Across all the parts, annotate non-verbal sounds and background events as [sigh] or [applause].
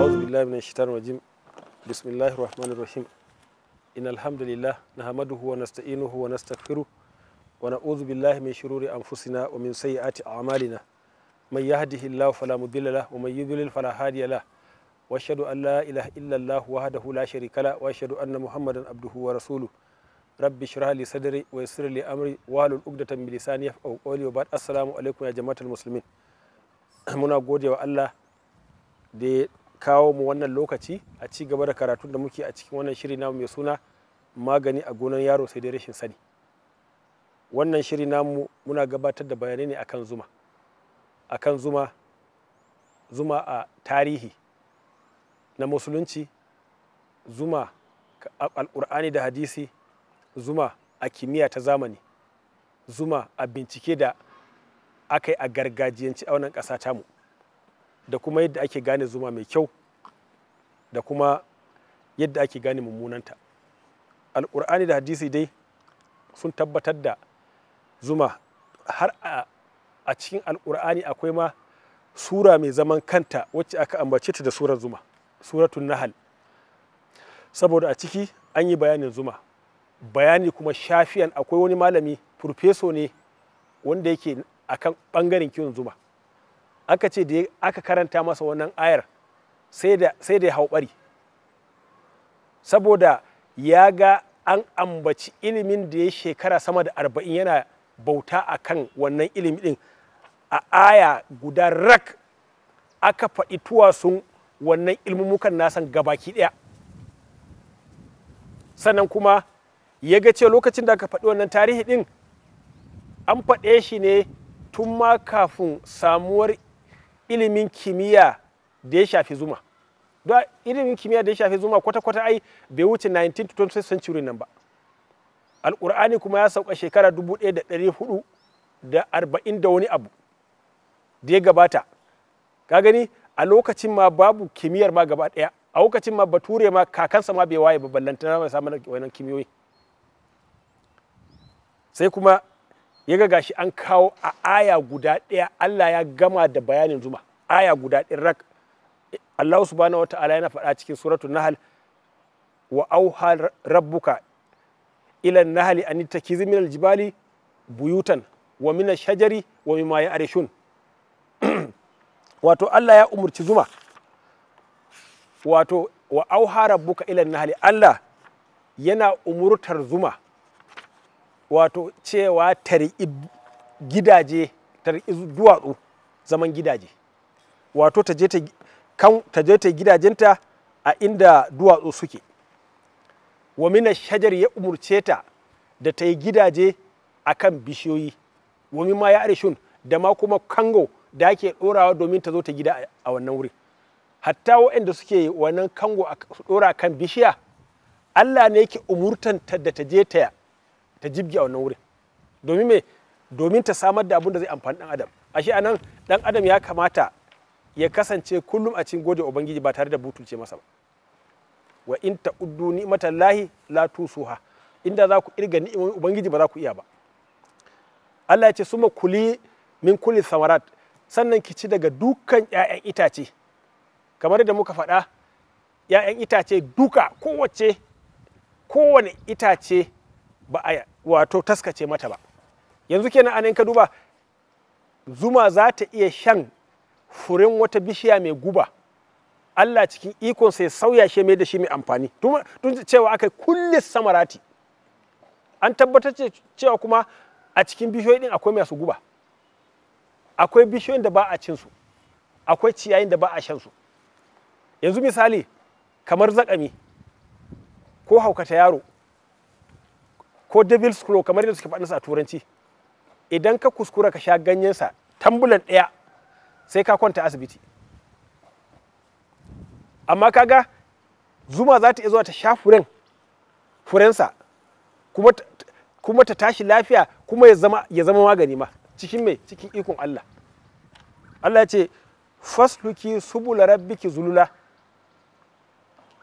أعوذ بالله من الشيطان الرجيم بسم الله الرحمن الرحيم إن الحمد لله نحمده ونستعينه ونستغفره ونعوذ بالله من شرور أنفسنا ومن سيئات أعمالنا من يهده الله فلا مضل له ومن يضلل فلا هادي له وأشهد أن لا إله إلا الله وحده لا شريك له وأشهد أن محمدا عبده ورسوله رب اشرح لي صدري ويسر لي أمري واحلل عقدة من لساني min قولي وبعد السلام عليكم يا جماعة المسلمين muna godewa Allah da kawo mu wannan lokaci a ci gaba da karatun da muke a cikin wannan shiri namu mai suna magani a gonar yaro sai dai rashin sani wannan shiri namu muna gabatar da bayanai ne akan zuma akan zuma zuma a tarihi na musulunci zuma a al'ur'ani da hadisi zuma a kimiyya ta zamani zuma a bincike da aka yi a gargajiyanci a wannan ƙasa tamu mu da kuma yadda ake gane zuma mai kyau da kuma yadda ake gane mummunanta alkur'ani da hadisi dai sun tabbatar da zuma har a cikin alkur'ani akwai ma sura mai zaman kanta wacce aka ambace ta da surar zuma suratun nahal saboda a ciki an yi bayanin zuma bayani kuma shafiyan akwai wani malami furfeso ne wanda yake akan bangaren kiwon zuma aka ce da aka karanta masa wannan ayar sai da ya hau bari saboda ya ga an ambaci ilimin da ya shekara sama da arba'in yana bauta a kan wannan ilimi din a aya guda rak aka faɗi sun wannan ilmumukan nasan gabaki ɗaya sannan kuma ya ga ce lokacin da aka faɗi wannan tarihi ɗin an faɗe shi ne tun ma kafin samuwar ilimin kimiyya da ya shafi zuma don ilimin kimiyya da ya shafi zuma kwata-kwata ai bai wuce 19 to 20 century nan ba alkur'ani kuma ya sauka shekara 1440 da arba'in da wani abu da ya gabata ka gani a lokacin ma babu kimiyyar ma gaba ɗaya a lokacin ma bature ma kakansa ma bai waye ba ballantana mai samun wannan kimiyoyi sai kuma ya ga gashi an kawo a aya guda ɗaya Allah ya gama da bayanin zuma aya guda ɗin rak Allah subhanahu wata'ala yana faɗa cikin suratu nahal wa auha rabbuka ila nahali an takizi minal aljibali buyutan wa mina shajari wa mimma ya'rishun [clears throat] wato Allah ya umurci zuma wato wa auha rabbuka ila nahali Allah yana umurtar zuma wato cewa tar'i gidaje tar'i duwatsu zaman gidaje wato ta je ta gidajenta a inda duwatsu suke wa mina shajar ya umurce ta da ta yi gidaje akan kan bishiyoyi wa ma ya arishun da ma kuma kango da ake ɗorawa domin ta zo ta gida a wannan wuri hatta waɗanda suke wannan kango a ɗora kan bishiya allah ne yake umurtanta da ta je ta ta jibgi a wannan wurin domin me domin ta samar da abin da zai amfani dan adam ashe anan dan adam ya kamata ya kasance kullum a cikin gode ubangiji ba tare da butulce masa ba wa in ta'uddu lahi la tusuha inda za ku irga ni'imomin ubangiji ba za ku iya ba Allah ya ce suma kuli min kulli samarat sannan ki ci daga dukan 'ya'yan itace kamar da muka faɗa 'ya'yan itace duka kowace kowane itace ba a wato taskace mata ba yanzu kenan anan ka duba zuma za ta iya shan furin wata bishiya mai guba Allah cikin ikon sai sauya shi mai da shi mai amfani tun cewa aka kulle samarati an tabbatar cewa kuma a cikin bishiyoyi din akwai masu guba akwai bishiyoyin da ba a cinsu akwai ciyayin da ba a su yanzu misali kamar zakami ko haukata yaro ko devil's claw kamar yadda suke faɗinsa a turanci idan ka kuskura ka sha ganyen sa tambulan ɗaya sai ka kwanta asibiti amma kaga zuma za ta iya zuwa ta sha furen furensa kuma, kuma ta tashi lafiya kuma ya zama, ya zama magani ma cikin mai cikin ikon Allah Allah ya ce fasluki subula rabbiki zulula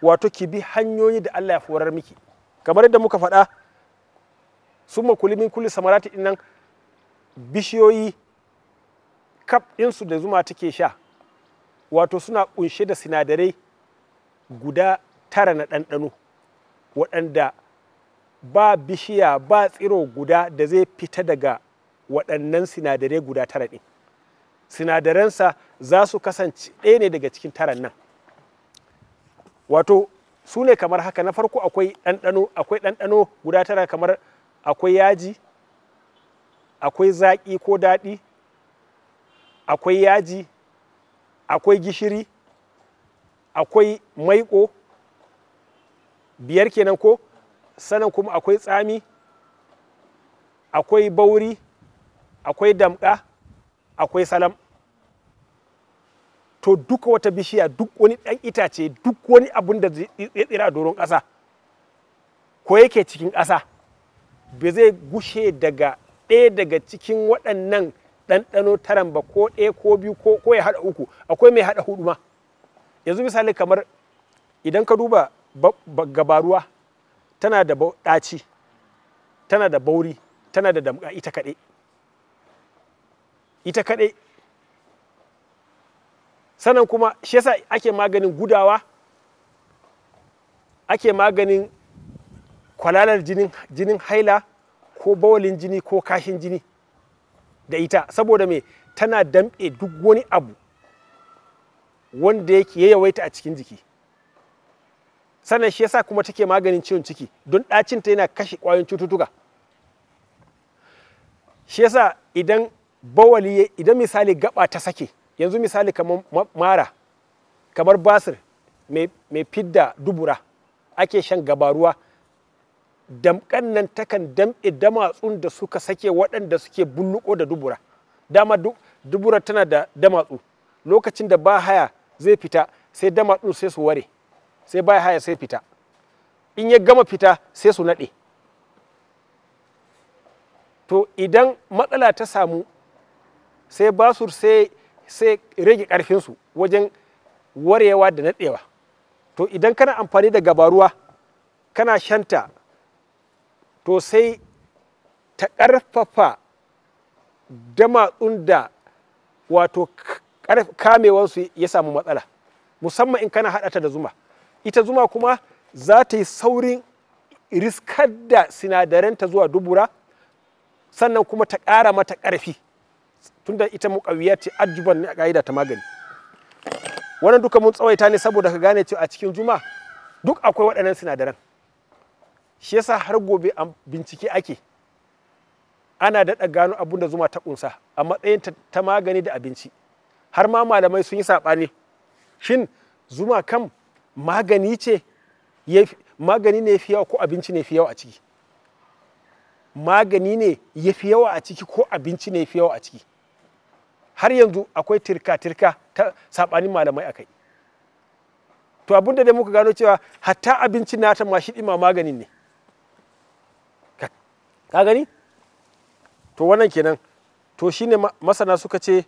wato ki bi hanyoyi da Allah ya forar miki kamar yadda muka faɗa ma kuli min kulli samarati dinnan bishiyoyi kaf ɗinsu da zuma take sha wato suna kunshe da sinadarai guda tara na ɗanɗano waɗanda ba bishiya ba tsiro guda da zai fita daga waɗannan sinadarai guda tara ɗin sinadaransa za su kasance ɗaya ne daga cikin taran nan wato su ne kamar haka na farko akwai ɗanɗano akwai ɗanɗano guda tara kamar akwai yaji akwai zaƙi ko daɗi akwai yaji akwai gishiri akwai maiƙo biyar kenan ko sanan kuma akwai tsami akwai bauri akwai damƙa akwai salam to duka wata bishiya duk wani ɗan itace duk wani abun da zai tsira a doron ƙasa ko yake cikin ƙasa ba zai gushe daga ɗaya daga cikin waɗannan ɗanɗano taran ba ko ɗaya ko biyu ko ya haɗa uku akwai mai haɗa hudu ma yanzu misali kamar idan ka duba gabaruwa tana da ɗaci tana da bauri tana da damƙa ita kaɗai ita kaɗai sannan kuma shi yasa ake maganin gudawa ake maganin kwalalar jinin, haila ko bawalin jini ko kashin jini da ita saboda me tana damɗe duk wani abu wanda yake yawaita a cikin jiki sannan shi yasa kuma take maganin ciwon ciki don ɗacinta yana kashe ƙwayoyin cututtuka shi yasa idan bawali idan misali gaba ta sake yanzu misali kamar mara kamar basir mai fidda dubura ake shan gabaruwa damƙan nan takan damƙe damatsun da suka sake waɗanda suke bulluko da dubura dama dubura tana da damatsu lokacin da ba haya zai fita sai damatsu sai su ware sai ba haya sai fita in ya gama fita sai su naɗe to idan matsala ta samu sai basur sai sai rage ƙarfinsu wajen warewa da naɗewa to idan kana amfani da gabaruwa kana shanta to sai ta ƙarfafa damatsun da wato kamewansu ya samu matsala musamman in kana haɗata da zuma ita zuma kuma za ta yi saurin riskar da sinadaranta zuwa dubura sannan kuma ta ƙara mata ƙarfi tunda ita muƙawiya ce ajuban ne a ƙa'ida ta magani wannan duka mun tsawaita ne saboda ka gane cewa a cikin zuma duk akwai waɗannan sinadaran shi yasa har gobe bincike ake ana daɗa gano abin da zuma ta ƙunsa a matsayin ta magani da abinci har ma malamai sun yi saɓani shin zuma kam magani ce magani ne fi yawa ko abinci ne fi yawa a ciki magani ne ya fi yawa a ciki ko abinci ne fi yawa a ciki har yanzu akwai tirka-tirka ta saɓanin malamai a kai to abinda da dai muka gano cewa hatta abinci nata ma shi ɗima maganin ne ka gani to wannan kenan to shine masana suka ce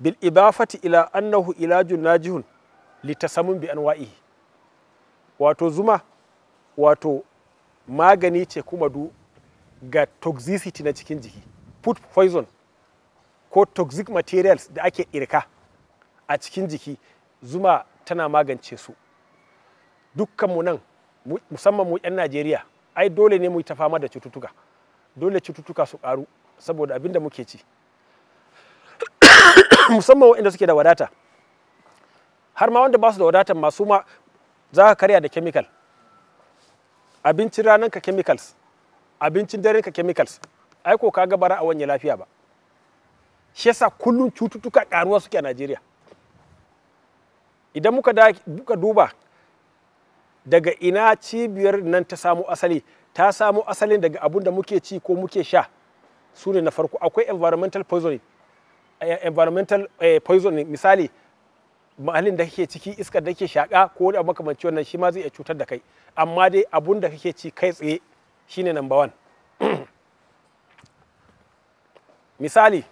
bil ibafati ila annahu ilajun najihun litasamun bi anwa'i wato zuma wato magani ce kuma du ga toxicity na cikin jiki food poison ko toxic materials da ake irka a cikin jiki zuma tana magance su dukkanmu nan musamman mu 'yan najeriya ai dole ne mu yi ta fama da cututtuka dole cututtuka su karu saboda abin da muke ci musamman waɗanda suke da wadata har ma wanda ba su da wadatan masu ma za ka karya da chemical abincin ranar ka chemicals abincin daren ka chemicals ai ko ka gabara a wanye lafiya ba shi yasa kullum cututtuka karuwa suke a Najeriya idan muka duba daga ina cibiyar nan ta samu asali ta samo asalin daga abun da muke ci ko muke sha su ne na farko akwai environmental poisoning eh, environmental eh, poisoning misali mahallin da kake ciki iskar da kake shaka ko da makamanci wannan shi ma zai iya cutar da kai amma dai abun da kake ci kai tsaye shine number one [clears throat] misali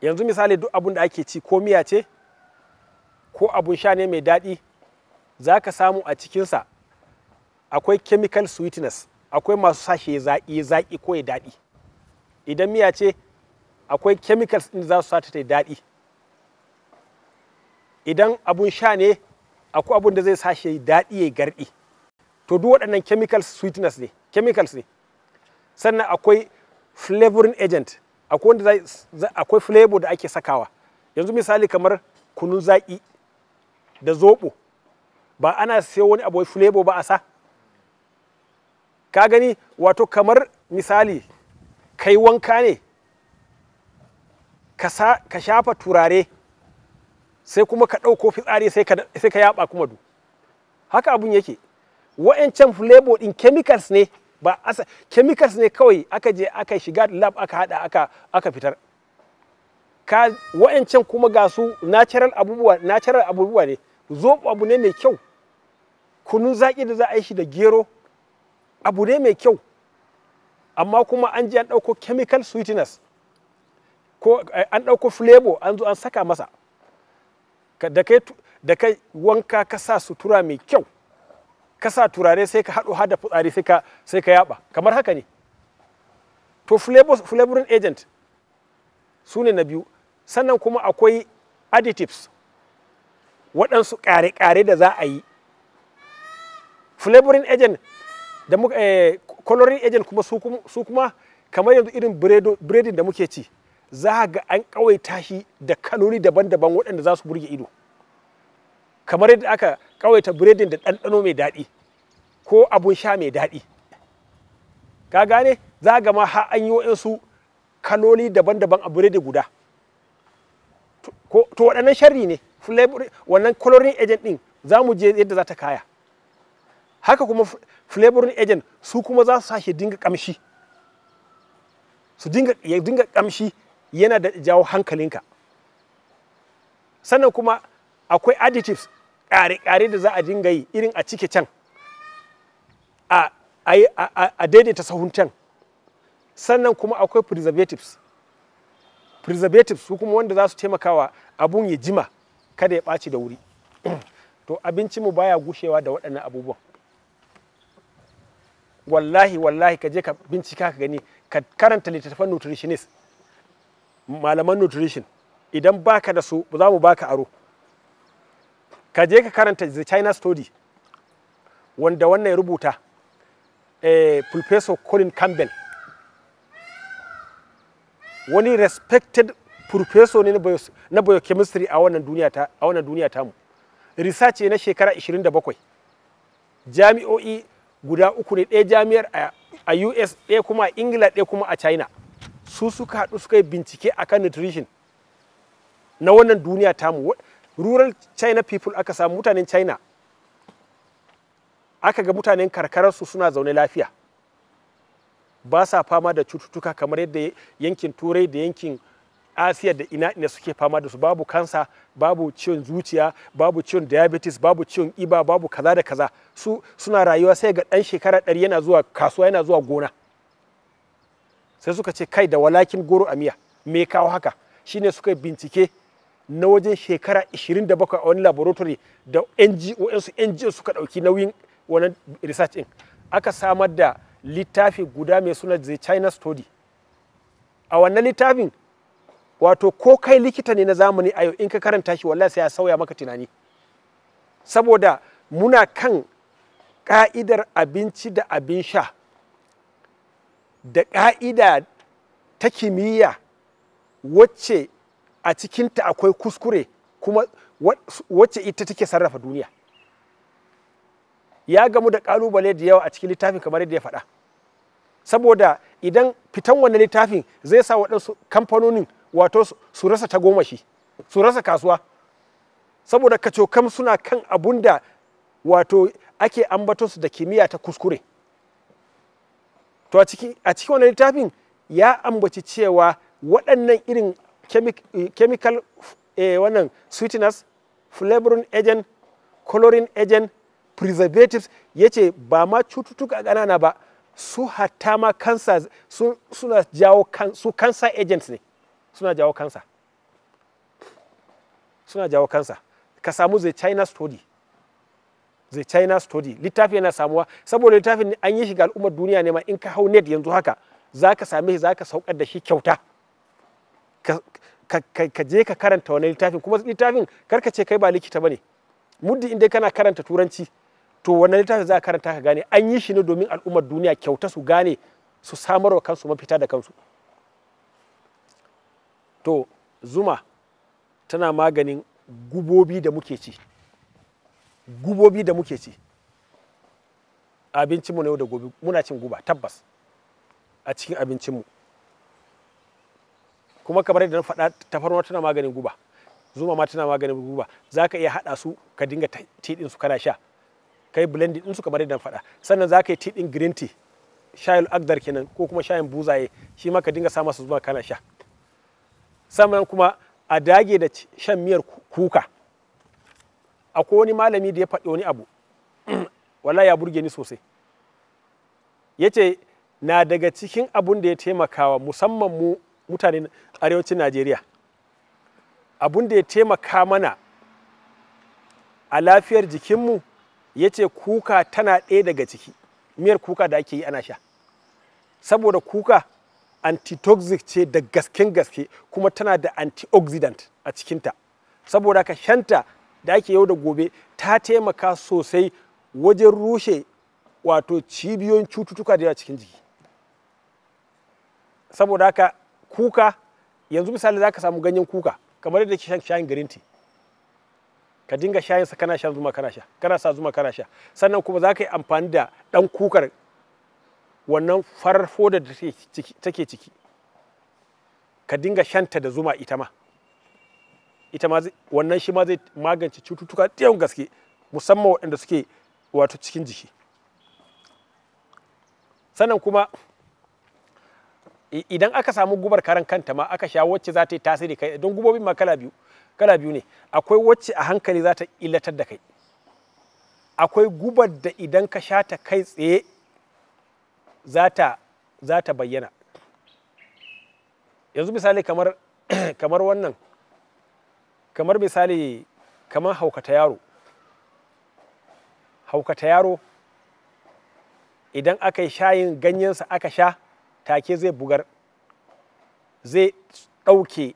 yanzu misali duk abun da ake ci ko miya ce ko abun sha ne mai daɗi za ka samu a cikinsa akwai chemical sweetness akwai masu sashe zaƙi zaƙi ko ya daɗi idan miya ce akwai chemicals ɗin za su sata ta daɗi idan abun sha ne akwai abun da zai sashe daɗi ya garɗi to duk waɗannan chemical sweetness ne chemicals ne sannan akwai flavoring agent akwai wanda akwai flavor da ake sakawa yanzu misali kamar kunun zaƙi da zoɓo ba ana sai wani abu flavor ba a sa ka gani wato kamar misali kai wanka ne ka shafa turare sai kuma ka ɗauko fitsari sai ka yaba kuma du haka abun yake wa'ancan flavor ɗin chemicals ne ba asa chemicals ne kawai aka je aka shiga lab aka hada aka fitar ka wa'ancan kuma ga su natural abubuwa ne zo abu ne mai kyau kunun zaki da za a yi shi da gero abu ne mai kyau amma kuma an ji an ɗauko chemical sweetness ko eh, an ɗauko flavor an zo an saka masa da kai wanka ka sa sutura mai kyau ka sa turare sai ka haɗo hada fitsari sai ka yaba kamar haka ne to flavoring agent su ne na biyu sannan kuma akwai additives waɗansu ƙare-ƙare da za a yi flavoring agent da muka eh, coloring agent kuma su kuma kamar yanzu irin biredin da muke ci za ga an kawaita shi da kaloli daban-daban waɗanda za su burge ido kamar yadda aka kawaita biredin da ɗanɗano mai daɗi ko abun sha mai daɗi ka gane za ga ma har an yi waɗansu kaloli daban-daban a biredi guda to waɗannan sharri ne wannan coloring agent ɗin za mu je yadda za ta kaya haka kuma flavoring agent su kuma za su sashi dinga kamshi su dinga ya dinga kamshi yana da jawo hankalinka sannan kuma akwai additives kare-kare da za a dinga yi irin a cike can a a daidaita sahun can sannan kuma akwai preservatives preservatives su kuma wanda za su taimakawa abun ya jima kada ya ɓaci da wuri [clears throat] to abincinmu baya gushewa da waɗannan abubuwan wallahi wallahi ka je ka bincika ka gani ka karanta littattafan nutritionist malaman nutrition idan baka da su za mu baka aro ka je ka karanta the china study wanda wannan ya rubuta eh, professor colin campbell wani respected professor ne na biochemistry a wannan duniya ta a wannan duniya ta mu research ne na shekara 27 jami'o'i guda uku ne ɗaya jami'ar a us ɗaya kuma a ingila ɗaya kuma a china su suka haɗu suka yi bincike akan nutrition na wannan duniya tamu rural china people aka samu mutanen china aka ga mutanen karkararsu suna zaune lafiya ba sa fama da cututtuka kamar yadda yankin turai da yankin asiya da ina ina suke fama da su babu kansa babu ciwon zuciya babu ciwon diabetes babu ciwon iba babu kaza da kaza su suna rayuwa sai ga ɗan shekara ɗari yana zuwa kasuwa yana zuwa gona sai suka ce kai da walakin goro a miya me kawo haka shine suka bincike na wajen shekara 27 a wani laboratory da NGO su NGO suka ɗauki nauyin wannan research in aka samar da littafi guda mai suna the China study a wannan littafin wato ko kai likita ne na zamani a yau in ka karanta shi wallahi sai ya sauya maka tunani saboda muna kan ka'idar abinci da abin sha da ka'ida ta kimiyya wacce a cikinta akwai kuskure kuma wacce ita take sarrafa duniya ya gamu da kalubale da yawa a cikin littafin kamar yadda ya faɗa saboda idan fitan wannan littafin zai sa waɗansu kamfanonin wato su rasa tagomashi su rasa kasuwa saboda kacokam suna kan abun da wato ake ambatonsu da kimiyya ta kuskure to a cikin wannan littafin ya ambaci cewa waɗannan irin chemical eh, wannan sweeteners flavoring agent coloring agent preservatives ya ce ba ma cututtuka ƙanana ba su hatta ma kansa suna jawo su kansa agents ne suna jawo kansa suna jawo kansa ka samu zai china study zai china study littafi yana samuwa saboda littafin an yi shi al'ummar duniya ne ma in ka hau net yanzu haka za ka same shi za ka saukar da shi kyauta ka je ka karanta wani littafin kuma littafin karka ce kai ba likita ba ne muddin inda kana karanta turanci to wannan littafin za ka karanta ka gane an yi shi ne domin al'ummar duniya kyauta su gane su samarwa kansu mafita da kansu to zuma tana maganin gubobi da muke ci gubobi da muke ci abincinmu na yau da gobe muna cin guba tabbas a cikin abincinmu kuma kamar yadda na faɗa tafarnuwa tana maganin guba zuma ma tana maganin guba za ka iya haɗa su ka dinga tiɗin su kana sha kai din su kamar yadda na faɗa sannan za ka yi tiɗin green tea shayin agdar kenan ko kuma shayin buzaye shi ma ka dinga sa masa zuma kana sha sannan kuma a dage da shan miyar kuka akwai wani malami da ya faɗi wani abu [clears throat] wala ya burge ni sosai ya ce na daga cikin abun da ya taimakawa musamman mu mutanen arewacin najeriya abun da ya taimaka mana a lafiyar jikinmu ya ce kuka tana ɗaya daga ciki miyar kuka da ake yi ana sha saboda kuka antitoxic ce da gasken gaske kuma tana da antioxidant a cikinta saboda ka shanta da ake yau da gobe ta taimaka sosai wajen rushe wato cibiyoyin cututtuka da yawa cikin jiki saboda haka kuka yanzu misali za ka samu ganyen kuka kamar yadda ke shayin garin tea ka dinga shayin sa kana sha zuma kana sha kana sa zuma kana sha sannan kuma za ka yi amfani da ɗan kukar wannan farar da take ciki ka dinga shanta da zuma ita ma ita ma wannan shi ma zai magance cututtuka da gaske musamman waɗanda suke wato cikin jiki sannan kuma idan aka samu gubar karan kanta ma aka sha wacce za ta yi tasiri kai don gubobin ma kala biyu kala biyu ne akwai wacce a hankali za ta illatar da kai akwai gubar da idan ka sha ta kai tsaye za ta bayyana yanzu misali [clears throat] kamar wannan kamar misali kamar haukata yaro haukata yaro idan aka yi shayin ganyensa aka sha take zai bugar zai ɗauke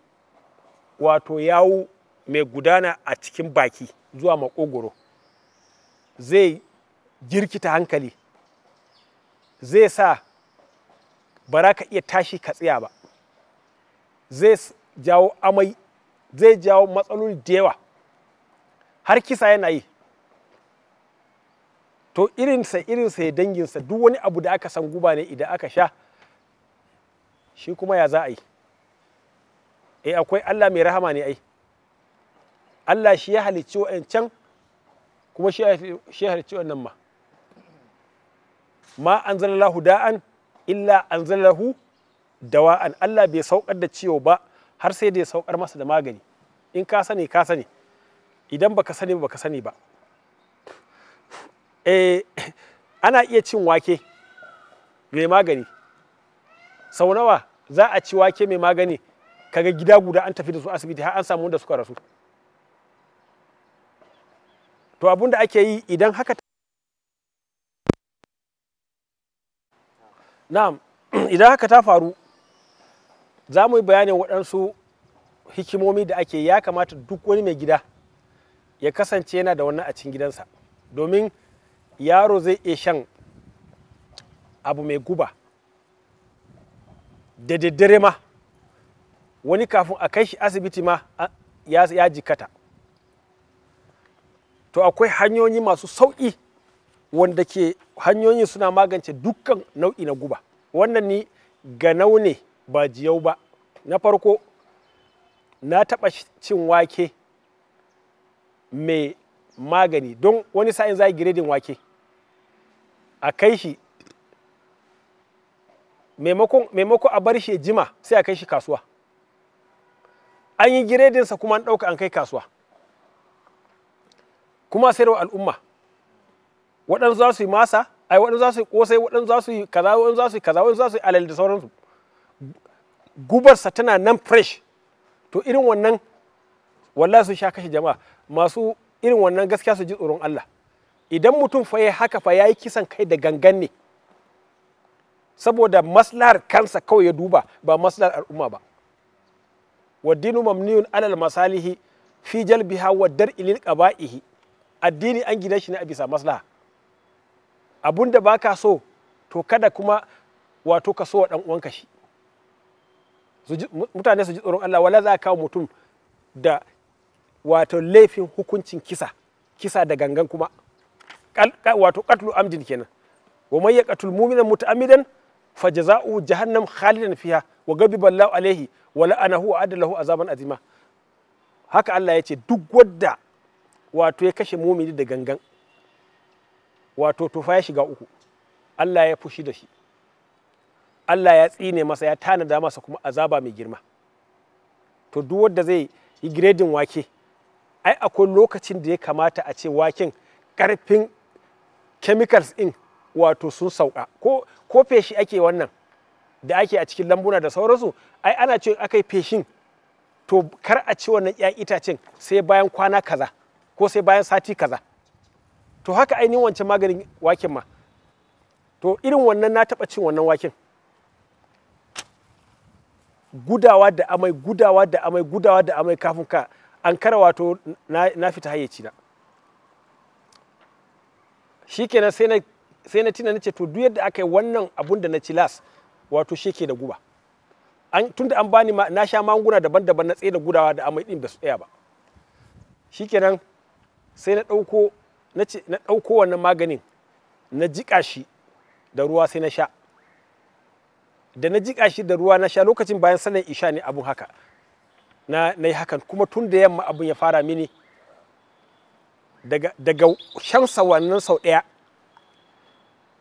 wato yawo mai gudana a cikin baki zuwa makogoro zai girkita hankali zai sa ba za ka iya tashi ka tsaya ba zai jawo amai zai jawo matsaloli da yawa har kisa yana yi to irinsa irinsa ya danginsa duk wani abu da aka san guba ne idan aka sha shi kuma ya za a yi e akwai allah mai rahama ne ai allah shi ya halicci wa'ancan kuma shi ya halicci wa'annan ma ma an anzalallahu da'an illa an da dawa'an Allah bai saukar da ciwo ba har sai da ya saukar masa da magani in ka sani ka sani idan baka sani baka sani ba [laughs] eh [laughs] ana iya cin wake mai magani sau nawa za a ci wake mai magani kaga gida guda an tafi da su asibiti har an samu wanda suka rasu to abin da ake yi idan haka na'am [clears throat] idan haka ta faru za mu yi bayanin waɗansu hikimomi da ake ya kamata duk wani mai gida ya kasance yana da wannan a cikin gidansa domin yaro zai iya shan abu mai guba da daddare ma wani kafin a kai shi asibiti ma ya jikata to akwai hanyoyi masu sauƙi wanda ke hanyoyin suna magance dukkan nau'i na guba wannan ni ga naune ba jiyau ba na farko na taɓa cin wake mai magani don wani sa'in za giredin wake a kai shi maimako a bar shi jima sai a kai shi kasuwa an yi giredinsa kuma an ɗauka an kai kasuwa kuma sayarwa al'umma waɗansu za su yi masa ai waɗansu za su yi ƙosai waɗansu za su yi kaza waɗansu za su yi kaza waɗansu za su yi alal da sauransu gubarsa tana nan fresh to irin wannan wallahi su sha kashe jama'a masu irin wannan gaskiya su ji tsoron Allah idan mutum fa ya haka fa yayi kisan kai da gangan ne saboda maslahar kansa kawai ya duba ba maslahar al'umma ba waddinu mamniyun alal masalihi fi jalbiha wa dar'ilil qaba'ihi addini an gina shi ne a bisa maslaha abun da baka so to kada kuma wato ka so wa dan uwanka shi mutane su ji tsoron Allah wala za kawo mutum da wato laifin hukuncin kisa kisa da gangan kuma wato katlu amjin kenan wa man yaqtul mu'mina muta'ammidan fajza'u jahannam khalidan fiha wa gabi Allahu alaihi wa la'anahu wa adalahu azaban azima haka Allah ya ce duk wadda wato ya kashe mumini da gangan wato tufa ya shiga uku Allah ya fushi da shi Allah ya tsine masa ya tanada masa kuma azaba mai girma to duk wanda zai yi giredin wake ai akwai lokacin da ya kamata a ce waken karfin chemicals in wato sun sauka ko ko feshi ake wannan da ake a cikin lambuna da sauransu ai ana ce akai feshin to kar a ci wannan 'ya'yan itacen sai bayan kwana kaza ko sai bayan sati kaza to haka ainihin wancan maganin waken ma to irin wannan na taɓa cin wannan waken gudawa da amai gudawa da amai gudawa da amai kafin ka an kara wato na, fita hayyaci na kenan sai na tina na ce to duk yadda aka yi wannan abun da na ci las wato ke da guba tun tunda an bani ma, na sha magunguna daban-daban na tsaye da gudawa da amai din ba su tsaya ba shi kenan sai na ɗauko na ɗauko wannan maganin na jiƙa shi da ruwa sai na sha da na jiƙa shi da ruwa na sha lokacin bayan sallar isha ne abun haka na yi hakan kuma tun da yamma abun ya fara mini daga, daga shan wannan sau ɗaya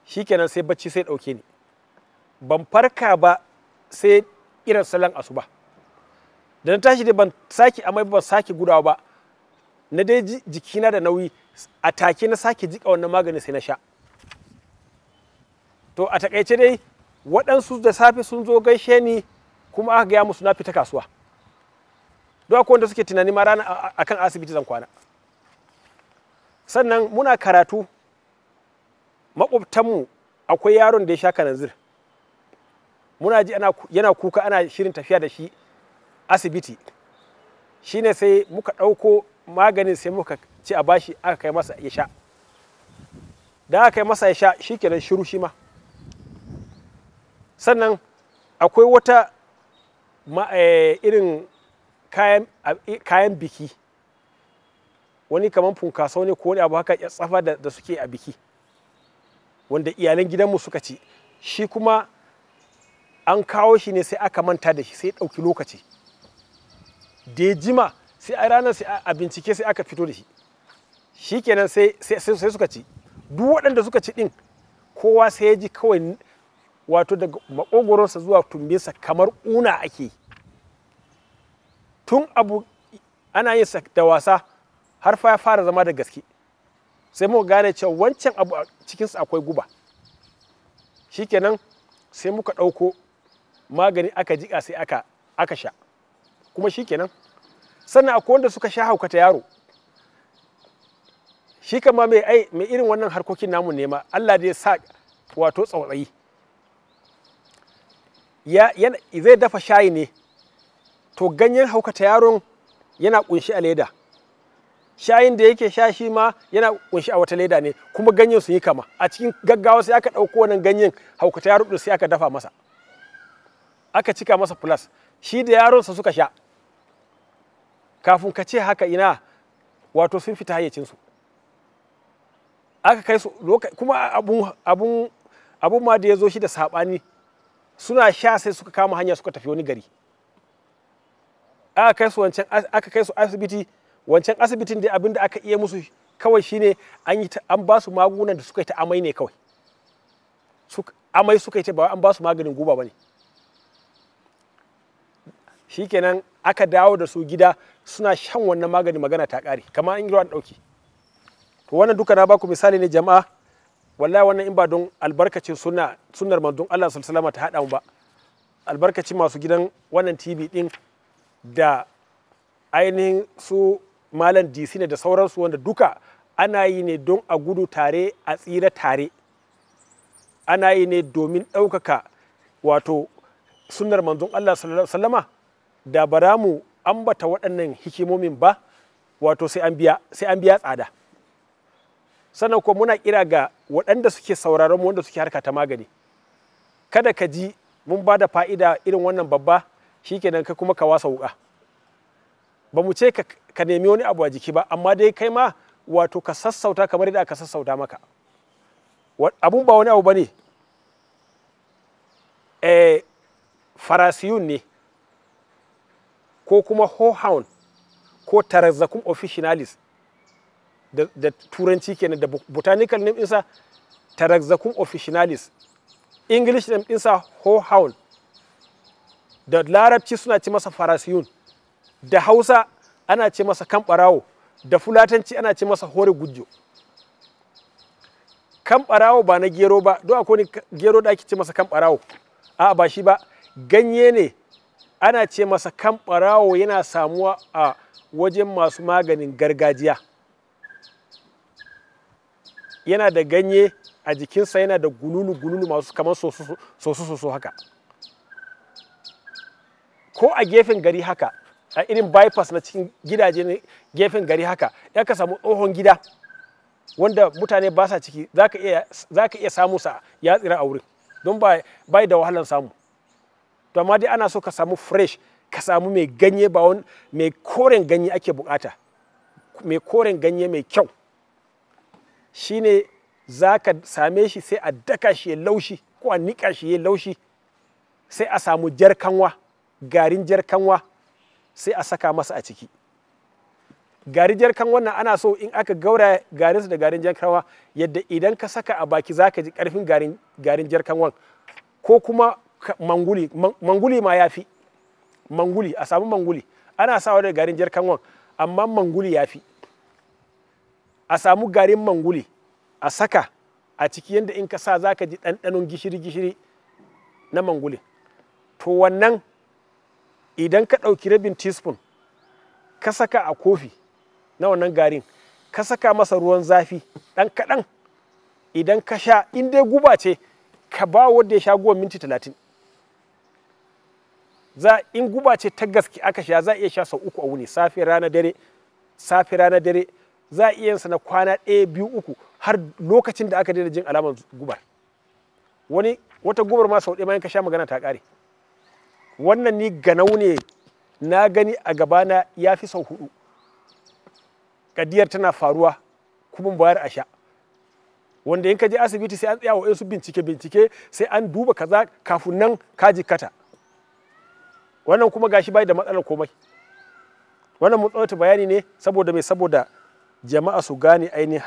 shi shikenan sai bacci sai ɗauke ni ban farka ba sai irin salon asuba da na tashi da ban sake amai ban sake gudawa ba na dai jikina da nauyi a take na sake jika wannan magani sai na sha to a takaice dai waɗansu da safe sun zo gaishe ni kuma aka gaya musu na fita kasuwa don akwai wanda suke tunani ma rana akan asibiti zan kwana sannan muna karatu makwabtanmu akwai yaron da ya sha kananzir muna ji yana kuka ana shirin tafiya da shi asibiti shine sai muka ɗauko maganin sai muka sai a bashi aka kai masa ya sha da aka kai masa ya sha shikenan shiru shi ma sannan akwai wata eh, irin kayan biki wani kamar funkasa ne ko wani abu haka ya tsafa da suke a biki wanda iyalan gidanmu suka ci shi kuma an kawo shi ne sai aka manta da shi sai ɗauki lokaci da jima sai a ranar sai a bincike sai aka fito da shi shikenan sai sai suka ci duk waɗanda suka ci din kowa sai ya ji kawai wato daga makogoronsa zuwa tumbinsa kamar una ake tun abu ana yin sa da wasa har fa ya fara zama da gaske sai muka gane cewa wancan abu a cikinsa akwai guba shikenan sai muka ɗauko magani aka jiƙa sai aka aka sha kuma shikenan sannan akwai wanda suka sha haukata yaro shi kama mai ai mai irin wannan harkokin namu ne ma Allah da ya sa wato tsautsayi ya zai dafa shayi ne to ganyen haukata yaron yana kunshi a leda shayin da yake sha shi ma yana kunshi a wata leda ne kuma ganyen su yi kama a cikin gaggawa sai aka ɗauko wannan ganyen haukata yaro sai aka dafa masa aka cika masa plus shi da yaron sa suka sha kafin ka ce haka ina wato sun fita su aka kai su kuma abun abun abun ma da ya zo shi da saɓani suna sha sai suka kama hanya suka tafi wani gari aka kai su wancan asibiti wancan asibitin da abin da aka iya musu kawai shine an yi ba su magunan da suka yi ta amai ne kawai amai suka yi ta ba an ba su maganin guba bane shikenan aka dawo da su gida suna shan wannan magani magana ta kare kamar an yi ruwan ɗauki. to wannan duka na ba ku misali ne jama'a wallahi wannan in ba don albarkacin sunna sunnar manzon Allah sallallahu alaihi ta hada mu ba albarkacin masu gidan wannan TV din da ainihin su malam DC ne da sauransu wanda duka ana yi ne don a gudu tare a tsira tare ana yi ne domin ɗaukaka wato sunnar manzon Allah sallallahu da baramu ambata waɗannan hikimomin ba wato sai an biya tsada sannan kuma muna kira ga waɗanda suke sauraron mu wanda suke harka ta magani kada ka ji mun ba da fa'ida irin wannan babba Shi shikenan kai kuma ka wasa wuka ba mu ce ka nemi wani abu a jiki ba amma dai kai ma wato ka sassauta kamar yadda aka sassauta maka abun ba wani abu ba ne eh, farasiyun ne ko kuma hohound ko tarazzakun ofisinalis. da turanci kenan da botanical name ɗinsa taraxacum officinalis english name ɗinsa hohound da larabci suna ce masa farasiyun da hausa ana ce masa kamɓarawo da fulatanci ana ce masa hore gujjo kamɓarawo ba na gero ba don akwai gero da ake ce masa kamɓarawo a ba shi ba ganye ne ana ce masa kamɓarawo yana samuwa a wajen masu maganin gargajiya yana da ganye a jikinsa yana da gununu gununu masu kamar sosu sosu haka ko a gefen gari haka a irin bypass na cikin gidaje ne gefen gari haka ya ka samu tsohon gida wanda mutane ba sa ciki za ka iya samu sa ya tsira a wurin don bai da wahalar samu to amma dai ana so ka samu fresh ka samu mai ganye ba mai koren ganye ake bukata mai koren ganye mai kyau shine za ka same shi sai a daka shi ya laushi ko a niƙa shi ya laushi sai a samu jarkanwa garin jarkanwa sai a saka masa a ciki Garin jarkan wannan ana so in aka gaura garinsa da garin jarkanwa yadda idan ka saka a baki za ka ji karfin garin, garin jarkanwan ko kuma manguli manguli ma ya fi manguli a samu manguli ana sawa da garin jarkanwan amma manguli ya fi a samu garin manguli a saka a ciki yadda in ka sa za ka ji ɗanɗanon gishiri-gishiri na mangulin to wannan idan ka ɗauki rabin teaspoon ka saka a kofi na wannan garin ka saka masa ruwan zafi ɗan kaɗan idan ka sha in dai guba ce ka ba wadda ya sha guba minti talatin za in guba ce ta gaske aka sha za a iya sha sau uku a wuni safe rana dare safe rana dare za a iya yin sa na kwana ɗaya biyu uku har lokacin da aka daina jin alamar gubar wani wata gubar ma sau ɗaya bayan ka sha magana ta ƙare wannan ni ganau ne na gani a gabana ya fi sau hudu kadiyar tana faruwa kuma bayar a sha wanda in ka je asibiti sai an tsaya wa su bincike bincike sai an duba kaza kafin nan ka kata. wannan kuma gashi bai da matsalar komai wannan mun bayani ne saboda mai saboda jama'a su gane ainihin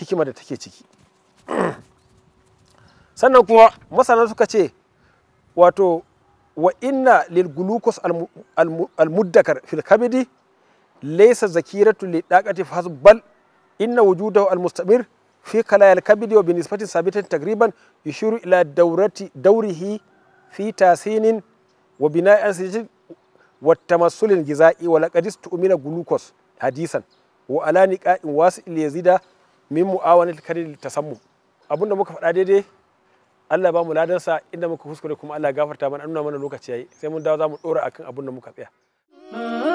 hikima da take ciki sannan kuma masana suka ce wato wa inna lil glucose almuddakar fil kabidi laysa zakiratu li daqati fas bal inna wujudahu almustamir fi al kabidi wa binisbatin sabitan taqriban yushiru ila daurati daurihi fi tasinin wa bina'an sijil wa tamassulin giza'i wa laqad tu'mina glucos hadisan wa ala niqa'in wasu il yazida min mu'awanatil kadil tasammu abinda muka faɗa daidai Allah ba mu ladan sa inda muka kuskure kuma Allah gafarta mana nuna mana lokaci yayi sai mun dawo za mu dora akan abin da muka tsaya.